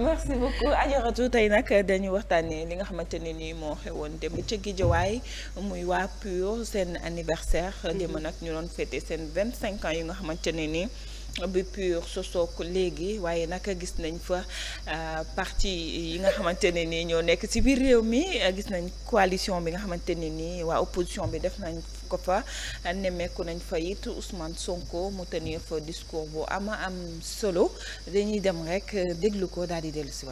merci beaucoup Ajaratu tey nag dañuy waxtaanee li nga xamante ne nii moo xewoon démb ca gijawaay muy waa PUR seen anniversaire mm-hmm. démb nag ñu doon fêté seen vingt cinq ans yi nga xamante ne nii bi PUR sosook léegi waaye nag gis nañ fa euh, parti yi nga xamante ne nii ñoo nekk ci biir réew mi gis nañ coalition bi nga xamante ne nii waa opposition bi def nañ ko fa nemmeeku nañ fa it Ousmane Sonko mu tenir fa discours bu ama am solo dañuy dem rek déglu ko daal di dellu si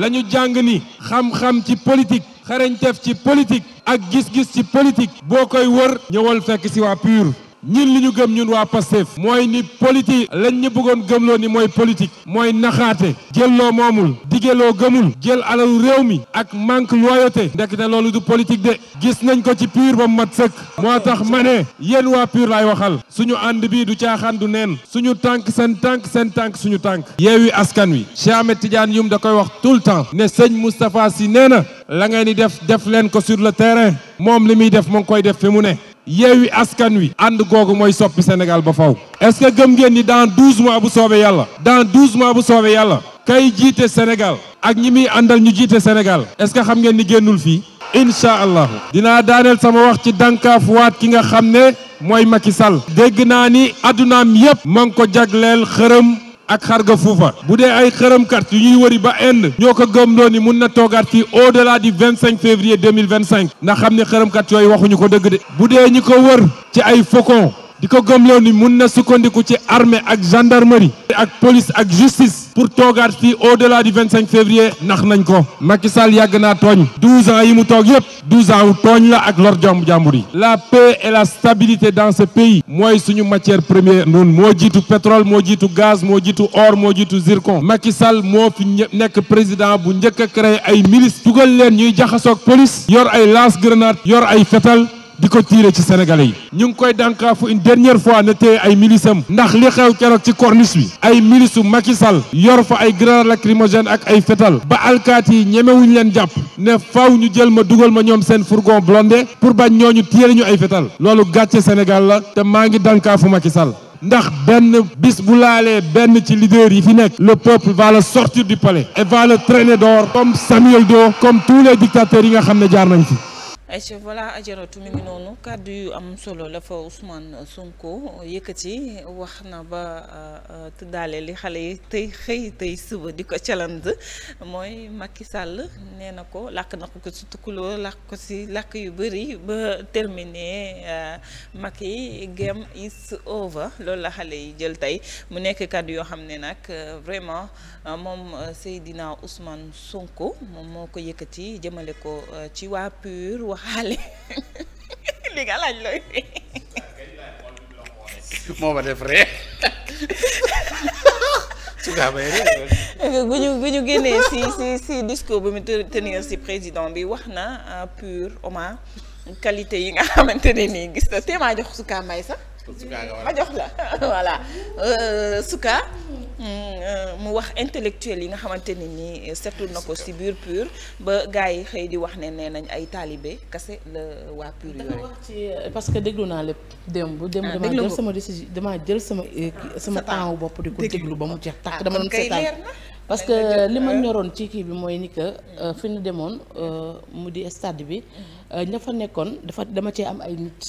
la ñu jàng ni xam-xam ci politique xarañteef ci politique ak gis-gis ci politique boo koy wër ñëwal fekk siwaa waa ñun li ñu gëm ñun waa Pastef mooy ni politique lañ ñu bëggoon gëmloo ni mooy politique mooy naxaate jël loo moomul dige loo gëmul jël alalu réew mi ak manque loyauté ndekete loolu du politique de gis nañ ko ci PUR ba mat sëkk moo tax ma ne yéen waa PUR laay waxal suñu ànd bi du caaxaan du neen suñu tànk seen tànk seen tànk suñu tànk yeewi askan wi Cheikh Ahmed Tidiane Youm da koy wax tout le temps ne sëñ Moustapha Sy nee na la ngay ni def def leen ko sur le terrain moom li muy def mu ngi koy def fi mu ne yeewi askan wi ànd googu mooy soppi Sénégal ba faw est-ce que gëm ngeen ni dans douze mois bu soobee yàlla dans douze bu soobee yàlla kay jiite Sénégal ak ñi muy àndal ñu jiite Sénégal est-ce que xam ngeen ni génnul fii incha allahu dinaa daaneel sama wax ci dànkaaf waat ki nga xam ne mooy Macky Sall dégg naa ni addunaam yépp ma ngi ko jagleel xërëm ak xarga fuufa bu dee ay xërëmkat yu ñuy wëri ba Inde ñoo ko gëmloo ni mun na toogaat fii au delà du vingt février deux xam ne xërëmkat yooyu waxuñu ko dëgg de bu dee ñi ko wër ci ay faucon di ko gëmloo ni mun na sukkandiku ci armée ak gendarmerie ak police ak justice pour toogaat fi au-delà du 25 février ndax nañ ko Macky Sall yàgg naa tooñ 12 ans yi mu toog yëpp 12 ans tooñ la ak lor jàmb jàmbur yi la paix et la stabilité dans ce pays mooy suñu matière première noonu moo jiitu pétrole moo jiitu gaz moo jiitu or moo jiitu zircon Macky Sall moo fi nekk président bu njëkk a créé ay milice dugal leen ñuy jaxasoog police yor ay lance grenade yor ay fetal di ko tiire ci sénégalais yi ñu ngi koy dànkaafu une fois na téye ay milisam ndax li xew keroog ci corniche bi ay milisu Macky Sall yor fa ay grenades lacrymogènes ak ay fetal ba alkaat yi ñemewuñ leen jàpp ne faaw ñu jël ma dugal ma ñoom seen fourgon blindé pour bañ ñooñu tiire ñu ay fetal loolu gàcce Sénégal la te maa ngi dànkaafu Macky Sall ndax benn bis bu laalee benn ci leader yi fi nekk le peuple va le sortir du palais et va le traîner comme Samuel Doe comme tous les yi nga xam ne jaar nañ fi ayca voilà ajaratu mi ngi noonu kàddu yu am solo la fa Ousmane Sonko yëkkati wax na ba euh, euh, tëddaale li xale yi tey xëy tey suba di ko challenge mooy Macky Sall nee na ko làkk na ko ci tukkuloo làkk ko ci làkk yu bëri ba terminé euh, Macky game is over loolu la xale yi jël tey mu nekk kàddu yoo xam ne nag vraiment moom Seydina Ousmane Sonko moom moo ko yëkkati jëmale ko ci waa PUR wax waxaale li nga laaj looy def rek bu ñu bu ñu génnee si si si discours bi mu tenir si président bi wax na ah, pur Omar qualité yi nga xamante ne nii gis na te maa jox sukaa may sax ma jox la voilà euh, Euh, mu wax intellectuel yi nga xamante ne nii euh, setul na ko si biir pur ba gars yi xëy di wax ne nee nañ ay taalibe kase la waa pur yooyu. ci parce que déglu naa lépp bu démb ah, dama jël sama décision damaa jël sama sama temps bopp di ko déglu ba mu jeex tàkk ah, dama doon seetaan parce que li ma euh. ñoroon ci kii bi mooy ni que mm. fi ñu demoon mu di stade bi mm. ña nekkoon dafa dama cee am ay nit.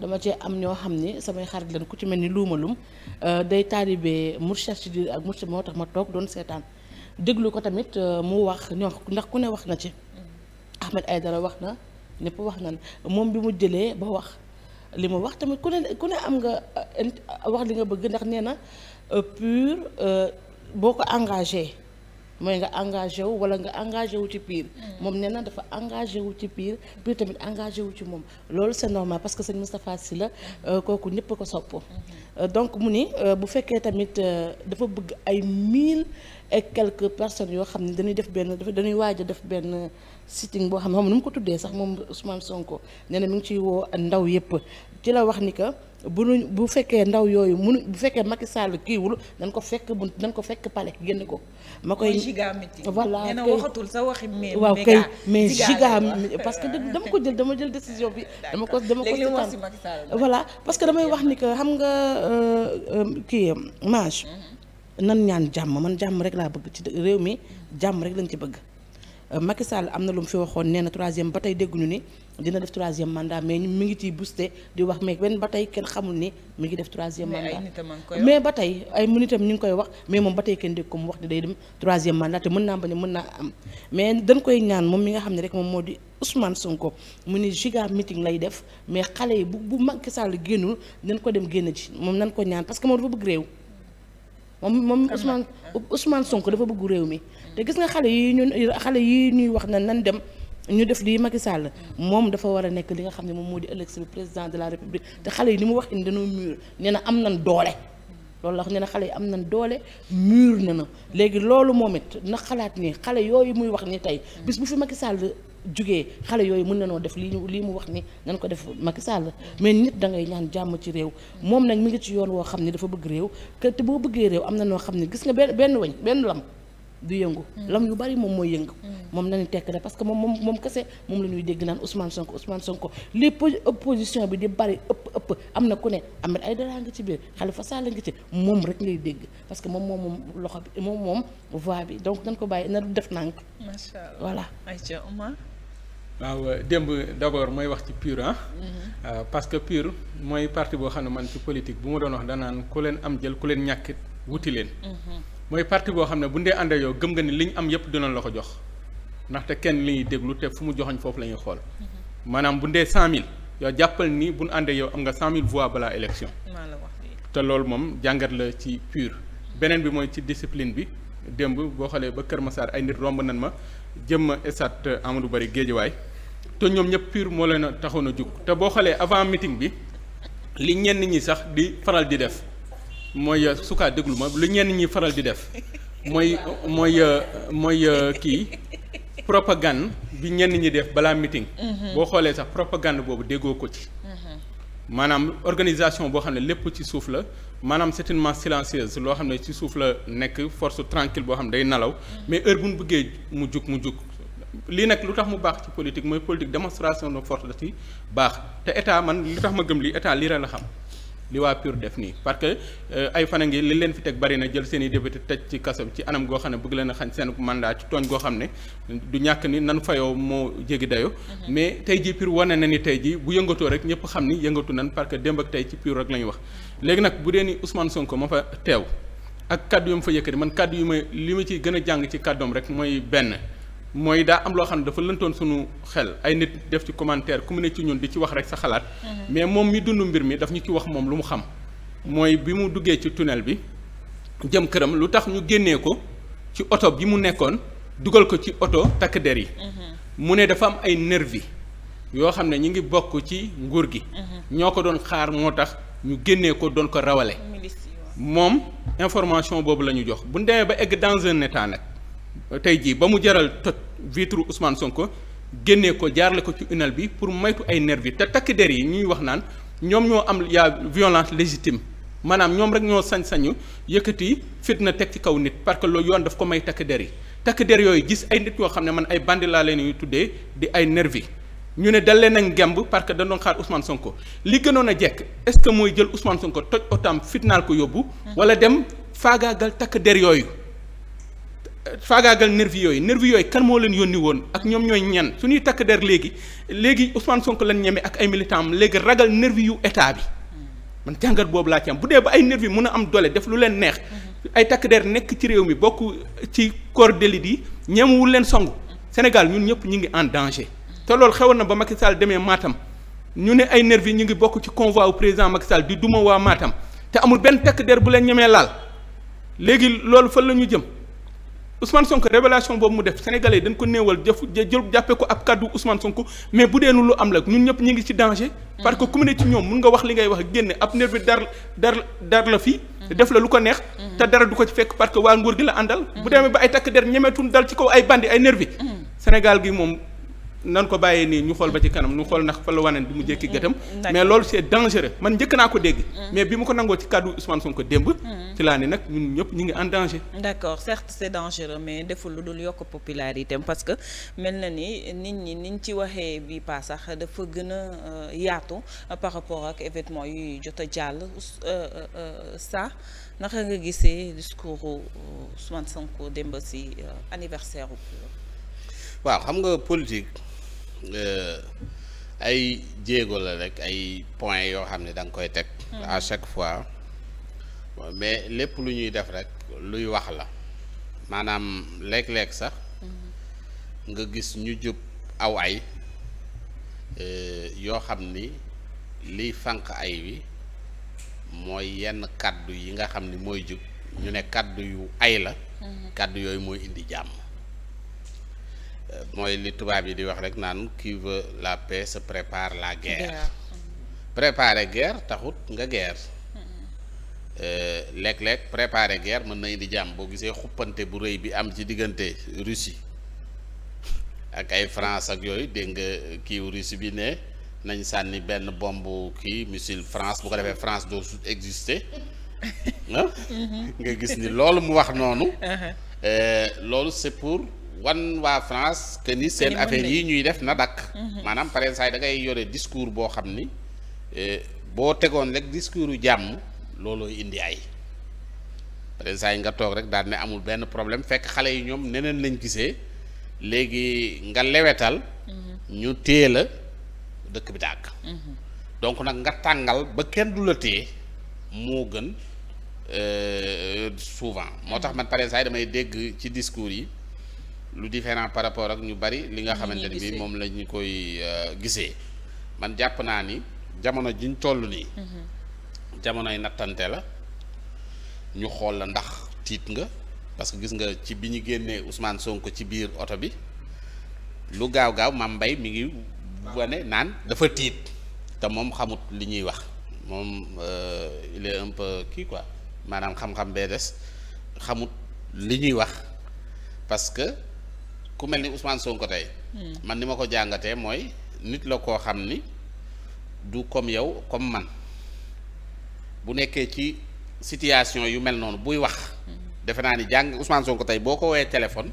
dama cee am ñoo xam ni samay xarit lañ ku ci mel ni luumalum euh, day taalibe Mourchid Chidid ak Mourchid moo tax ma toog doon seetaan déglu ko tamit euh, mu wax ñoo ndax ku ne wax na ci. ay dara wax na ñëpp wax na moom bi mu jëlee ba wax li ma wax tamit ku ne ku ne am nga euh, wax li nga bëgg ndax nee na pur boo ko engagé. mooy nga engagé wu wala nga engagé wu ci piir moom nee na dafa engagé wu ci piir piir tamit engagé wu ci moom loolu c'est normal parce que sëñ Moustapha si la euh, kooku ñëpp ko sopp euh, donc mu ni euh, bu fekkee tamit dafa bëgg ay mille et quelques personnes yoo xam ne dañuy def benn dafa dañuy waaj a def benn sitin boo xam ne xam nu mu ko tuddee sax moom Ousmane Sonko nee na mi ngi ciy woo ndaw yëpp ci la wax ni que bu nu bu fekkee ndaw yooyu munu bu fekkee Macky Sall kiiwul dañ ko fekk bu dañ ko fekk pale génn ko. ma koy voilà kay waxatul sa waxi mais waaw kay mais giga parce que dama ko jël dama jël décision bi. dama ko dama ko seetaan parce que damay wax ni que xam nga euh, euh, kii mange mhm. nan ñaan jàmm man jàmm rek laa bëgg ci réew mi jàmm rek lañ ci bëgg. Euh, Macky Sall am na lu mu fi waxoon nee na troisième ba tey dégguñu ni dina def troisième mandat mais mi ngi ciy boosté di wax mais benn ba tey kenn xamul ni mi ngi def troisième mandat mais ba tey ay nitam ñu ngi koy wax mais moom ba tay kenn dégg ko mu wax ni day dem troisième mandat te mën naa bañ mën naa am mais dañ koy ñaan moom mi nga xam ne rek moom moo di Ousmane Sonko mu ni giga meeting lay def mais xale yi bu bu Macky Sall génnul nañ ko dem génn ci moom nan ko ñaan parce que moom dafa bëgg réew moom moom Ousmane ah. Ousmane Sonko dafa bëgg réew mi te gis nga xale yi ñun xale yi ñuy wax na nan dem ñu def lii Macky Sall moom dafa war a nekk li nga xam ne moom moo di ëllëg si président de la république te xale yi li mu wax in dañoo mur nee na am nañ doole loolu la wax nee xale yi am nañ doole mur na na léegi loolu moom it na xalaat ni xale yooyu muy wax ni tey bis bu fi Macky Sall jugee xale yooyu mën na noo def lii lii mu wax ni nañ ko def Macky Sall mais nit dangay ñaan jàmm ci réew moom nag mu ngi ci yoon woo xam ne dafa bëgg réew te boo bëggee réew am na noo xam ne gis nga benn benn weñ benn lam du yëngu. Mm. lam yu bari moom mooy yëngu. Mm. moom nañu tekk rek parce que moom moom moom kese moom la ñuy dégg naan Ousmane Sonko Ousmane Sonko li opposition bi di bari ëpp ëpp am na ku ne Ahmed Aïdara nga ci biir Khalifa Sall nga ci moom rek ngay dégg parce que moom moom moom loxo bi moom moom voix bi donc nañ ko bàyyi na du def nànk. macha allah voilà. ayca Omar. waaw euh, démb d'abord mooy wax ci PUR ah. Mm-hmm. Euh, parce que PUR mooy parti boo xam ne man ci politique bu ma doon wax danaan ku leen am jël ku leen ñàkkit wuti leen. Mm-hmm. mooy parti boo xam ne bu ndee àndee yow gëm nga ni li ñu am yëpp dinañ la ko jox ndaxte kenn li ñuy déglu te fu mu joxoñ foofu la ñuy xool mm-hmm. maanaam bu ndee 100000 yow jàppal ni bu ñu àndee yow am nga 100000 voix balaa élection. te loolu moom jàngat la ci pur beneen bi mooy ci discipline bi démb boo xoolee ba Kër Massar ay nit romb nan ma jëm stade Amadou Barry Guédiawaye te ñoom ñëpp pur moo leen a taxoon a jug te boo xoolee avant meeting bi li ñenn ñi sax di faral di def. mooy euh, sukaa déglu ma lu ñenn ñi faral di def mooy mooy euh, mooy euh, kii propagande bi ñeen ñi def balaa meeting. Mhm. boo xoolee sax propagande boobu déggoo ko ci. Mhm. maanaam organisation boo xam ne lépp ci suuf la maanaam c'est une masse silencieuse loo xam ne ci suuf la nekk force tranquille boo xam ne day nalaw mhm. mais heure bu ñu bëggee mu jug mu jug lii nag lu tax mu baax ci politique mooy politique démonstration de force da ci baax te état man lu tax ma gëm lii état lii la xam. li waa PUR def nii parce que euh, ay fan a ngi li leen fi teg bari na jël seen i député tëj ci kaso ci anam goo xam ne bëgg leen a xañ seen mandat ci tooñ goo xam ne du ñàkk ni nan fayoo moo jéggi dayo mm-hmm. mais tey jii PUR wane na ni tey jii bu yëngatoo rek ñëpp xam ni yëngatu nan parce que démb ak tey ci PUR rek la wax mm-hmm. léegi nag bu dee ni Ousmane Sonko moo fa teew ak kaddu yoom ma fa yëkkati man kaddu yu ma li ma ci gën a jàng ci kàddoom rek mooy benn mooy daa am loo xam ne dafa lëntoon suñu xel ay nit def ci commentaire ku mu ne ci ñun di ci wax rek sa xalaat. Mm-hmm. mais moom mi dund mbir mi daf ñu ci wax moom lu mu xam. mooy bi mu duggee ci tunnel bi jëm këram lu tax ñu génnee ko ci oto bi mu nekkoon dugal ko ci oto takk der yi. Mm-hmm. mu ne dafa am ay nervi yoo xam ne ñu ngi bokk ci nguur gi. Mm-hmm. ñoo ko doon xaar moo tax ñu génnee ko doon ko rawale. moom information boobu la ñu jox bu ñu demee ba egg dans un tey jii ba mu jaral toj vitre Ousmane Sonko génnee ko jaarle ko ci unal bi pour moytu ay nervi te takk der yi ñuy wax naan ñoom ñoo am yaa violence légitime maanaam ñoom rek ñoo sañ-sañu yëkkati fitna teg ci kaw nit parce que loolu yoon daf ko may takk der yi takk der yooyu gis ay nit yoo xam ne man ay bandi laa leen ñuy tuddee di ay nervi ñu ne dal leen a ngemb parce que dañ doon xaar Ousmane Sonko li gënoon a jekk est-ce que mooy jël Ousmane Sonko toj otam fitnaal ko yóbbu. wala dem faagaagal takk der yooyu. faagaagal nervi yooyu nervi yooyu kan moo leen yónni woon ak ñoom ñooy ñan suñuy takk der léegi léegi Ousmane Sonko lañ ñeme ak ay militant am léegi ragal nervi yu état bi man jàngat boobu laa ci am bu dee ba ay nervi mun a am dole def lu leen neex ay takk der nekk ci réew mi bokk ci corps d'élite yi ñemewul leen songu Sénégal ñun ñëpp ñu ngi en danger te loolu xewoon na ba Macky Sall demee maatam ñu ne ay nervi ñu ngi bokk ci convoi président Macky Sall di duma waa Matam te amul benn takk der bu leen ñemee laal léegi loolu fan la ñu jëm Ousmane Sonko révélation boobu mu def sénégalais dañ ko néewal jëf jël jàppee ko ab kàddu Ousmane Sonko mais bu dee lu am la ñun ñëpp ñu ngi ci danger. parce que ku mu ne ci ñoom mun nga wax li ngay wax génne ab nerf bi dar dar dar la fii. def la lu ko neex. te dara du ko ci fekk parce que waa nguur gi la àndal. bu demee ba ay takk der ñemeetuñ dal ci kaw ay bandi ay nervi mm. Sénégal gi moom nan ko bàyyee nii ñu xool ba ci kanam ñu xool ndax fa la waneen bi mu jékki gëtam mm, mais loolu c'est dangereux man njëkk naa ko dégg mm. mais bi mu ko nangoo ci kàddu Ousmane Sonko démb mm. ci laa ne ñëpp ñu ngi en danger d'accord certes c'est dangereux mais deful lu dul yokk popularité parce que mel na ni nit ñi niñ ci waxee bi pas sax dafa gën a euh, yaatu par rapport ak événement yuy jot a jàll euh, euh, ça naka nga gisee discours Ousmane Sonko démb si anniversaire waaw xam nga politique Euh, ay jéego la rek ay points yoo xam ne danga koy teg. Hmm. à chaque fois mais lépp lu ñuy def rek luy wax la maanaam léeg-léeg sax hmm. nga gis ñu jub aw ay euh, yoo xam ni liy fànq ay wi mooy yenn kàddu yi nga xam ni mooy jub ñu ne kàddu yu ay la. Hmm. kàddu yooyu mooy indi jàmm. mooy li tubaab yi di wax rek naan qui veut la paix se prépare la guerre préparer guerre taxut nga guerre euh, léeg-léeg prépare guerre mën na di jàmm boo gisee xuppante bu rëy bi am ci diggante Russie ak ay France ak yooyu dégg nga kii Russie bi ne nañ sànni benn bombu kii missile France bu ko defee France doo su exister ah? mhm. nga gis ni loolu mu wax noonu uh-huh. euh, loolu c'est wan waa France que seen affaire yi ñuy def na dakk mhm. maanaam pare saa da ngay yore discours boo xam ni eh, boo tegoon rek discours yu jàmm looloo indi ay pare saa yi nga toog rek daal amul benn problème fekk xale yi ñoom neneen lañ gisee léegi nga lewetal mhm. ñu téye la dëkk bi tàgg mhm. donc nag nga tàngal ba kenn du la téye moo gën euh, souvent moo tax man pare damay dégg ci discours yi lu différent par rapport ak ñu bari li nga xamante ne bi moom la koy euh, gisee man jàpp naa ni jamono jiñ toll nii mm-hmm. jamonoy nattante la ñu xool la ndax tiit nga parce que gis nga ci bi ñu génnee Ousmane Sonko ci biir oto bi lu gaaw gaaw ma mbay mi ngi wane naan dafa tiit te moom xamut li ñuy wax moom euh, il est un peu kii quoi maanaam xam-xam bee des xamut li ñuy wax parce ku mel ni Ousmane Sonko tey. Hmm. man ni ma ko jàngatee mooy nit la koo xam ni du comme yow comme man bu nekkee ci situation yu mel noonu buy wax. Hmm. defe naa ni jàng Ousmane Sonko tey boo ko woowee téléphone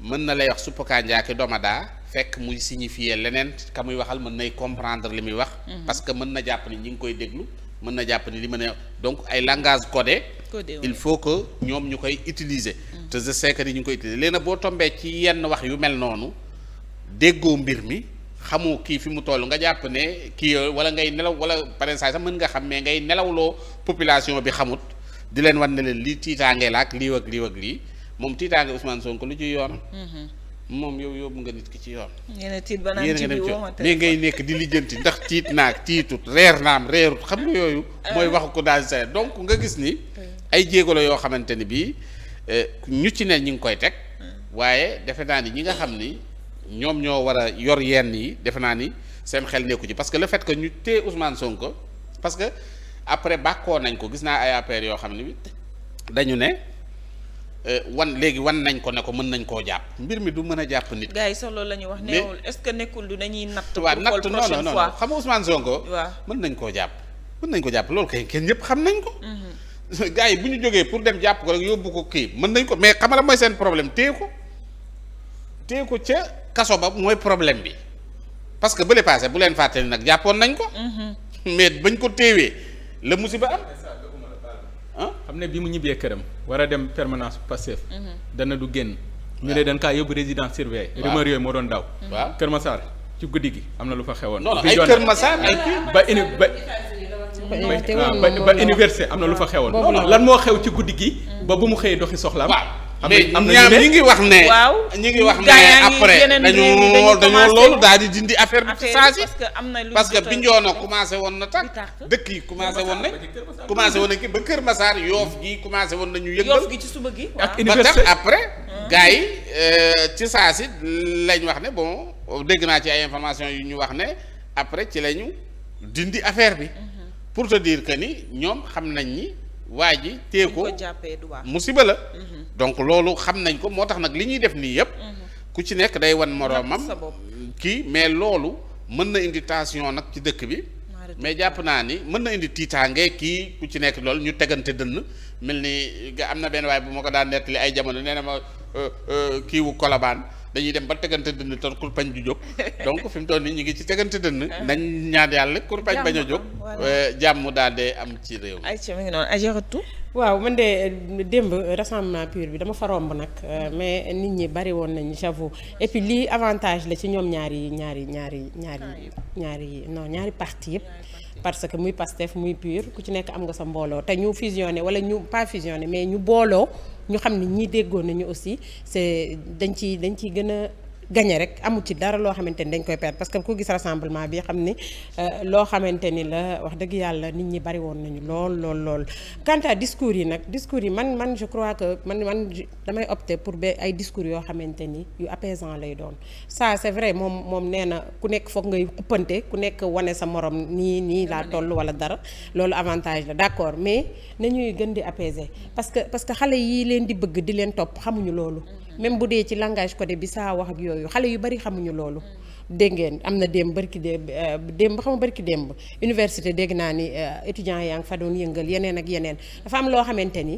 mën na lay wax suppu kànja ki domadaa fekk muy signifier leneen ka muy waxal mën nay comprendre li muy wax. Hmm. parce que mën na jàpp ni ñi ngi koy déglu mën na jàpp ni li ma ne donc ay langage codé. il faut que ñoom ñu koy utiliser. Mm. te je yi ñu koy utiliser léegi nag boo tombee ci yenn wax yu mel noonu déggoo mbir mi xamu kii fi mu toll nga jàpp ne kii euh, wala ngay nelaw wala par exemple sax mën nga xam mais ngay nelaw loo population bi xamut di leen wan ne leen lii tiitaange la ak lii ak lii ak lii moom tiitaange Ousmane Sonko lu ci yoon. Mm-hmm. moom yow yóbbu nga nit ki ci yoon. yéen tiit ba naan ci biir mais ngay nekk di lijjanti ndax tiit naag tiitut reer naam reerut xam nga yooyu. Ah. mooy waxu ko daal sa donc nga gis ni. Ah. ay jéego la yoo xamante ni bii eh, ñu ci ne ñu ngi koy teg. Ah. waaye defe naa ni ñi nga xam ni ñoom ñoo war a yor yenn yi defe naa ni seen xel nekku ci parce que le fait que ñu téye Ousmane Sonko parce que après bàkkoo nañ ko gis naa ay affaires yoo xam ni dañu ne. Euh, wan léegi wan nañ ko ne ko mën nañ koo jàpp mbir mi du mën a jàpp nit. gars yi sax loolu la ñuy wax neewul est-ce que nekkul du dañuy natt. waaw natt non non non xam nga Ousmane Sonko. waaw mën nañ koo jàpp mën nañ ko jàpp loolu kay kenn ñëpp xam nañ ko. Mhm. gars yi bu ñu jógee pour dem jàpp ko rek yóbbu ko kii mën nañ ko mais xam nga mooy seen problème téye ko téye ko ca kaso ba mooy problème bi parce que bële paase bu leen fàttali nag jàppoon nañ ko. Mhm. mais bañ ko téewee la musiba am. ah xam ne bi mu ñibbee këram war a dem permanence Pastef mhm. dana du génn ñu ne dan kaa yóbbu résidence surveillée rumeur moo doon daw waaw Kër Massar ci guddi gi am na lu fa xewoon ay Kër Massar ay ba uni ba ba université am na lu fa xewoon lan moo xew ci guddi gi mm. ba bu mu xëyee doxi soxlaam mais ñaam ñi ngi wax ne. waaw ñi ngi wax ne après dañu dañoo loolu daal di dindi affaire bi ci saa si. parce que Bignona commencé woon na tàkk dëkk yi commencé woon nañ. commencé woon nañ ki ba Kër Massar yoof gi commencé woon nañu yëngal yoof gi ci suba gi ak université ba tax après. gars yi euh, ci saa si lañ wax ne bon dégg naa ci ay information yu ñu wax ne après ci lañu dindi affaire bi. pour te dire que ni ñoom xam nañ ni. waa ji téye ko musiba la mhm. donc loolu xam nañ ko moo tax nag li ñuy def nii yëpp mhm. ku ci nekk day wan moroomam kii mais loolu mën na indi tension nag ci dëkk bi mais jàpp naa ni mën na indi tiitaange kii ku ci nekk loolu ñu tegante dënn mel ni nga am na benn waay bu ma ko daan nettali ay jamono nee na ma euh, euh, kiiwu kolobaan dañuy dem ba tegante dënn toon kurpañ ju jóg donc fi mu toll nii ñu ngi ci tegante dënn nañ ñaar yàlla kurpañ bañ a jóg jàmm euh, daal de am ci réew mi ayca mi ngi noonu Ajaratu waaw man de euh, démb euh, rassemblement pur bi dama fa romb nag mm. mais nit ñi bari woon nañu j'avoue et puis lii avantage la ci ñoom ñaari ñaari ñaari ñaari ñaari non ñaari parti yëpp parce que muy Pastef muy PUR ku ci nekk am nga sa mbooloo te ñu fusionné wala ñu pas fusionné mais ñu booloo ñu xam ne ñii déggoon nañu aussi c'est dañ ci dañ ci gën a gañe rek amul ci dara loo xamante ni dañ koy perdre parce que ku gis rassemblement bi xam ni euh, loo xamante ni la wax dëgg yàlla nit ñi bari woon nañu lool lool lool. quant à discours yi nag discours yi man man je crois que man man damay opter pour ba ay discours yoo xamante ni yu apaisant lay doon ça c'est vrai moom moom nee na ku nekk foog ngay uppante ku nekk wane sa morom nii nii laa toll wala dara loolu avantage la d'accord mais nañuy gën di apaiser parce que parce que xale yi leen di bëgg di topp xamuñu loolu. même bu dee ci langage codé bi saa wax ak yooyu xale yu bari xamuñu loolu. dégg ngeen am na démb barki démb euh, démb xam nga barki démb université dégg naa ni euh, étudiants yaa ngi fa doon yëngal yeneen ak yeneen dafa am loo xamante ni.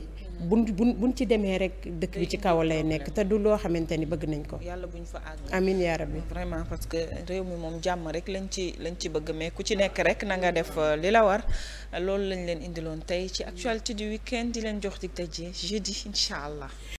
buñ buñ buñ ci demee rek dëkk bi ci kaw lay nekk te du loo xamante ni bëgg nañ ko. yàlla fa àgg. amiin yaa rabbi. vraiment parce que réew mi moom jàmm rek lañ ci lañ ci bëgg mais ku ci nekk rek na nga def euh, li la war loolu lañ leen indiloon tey ci actualité du week di leen jox dig daje jeudi incha allah.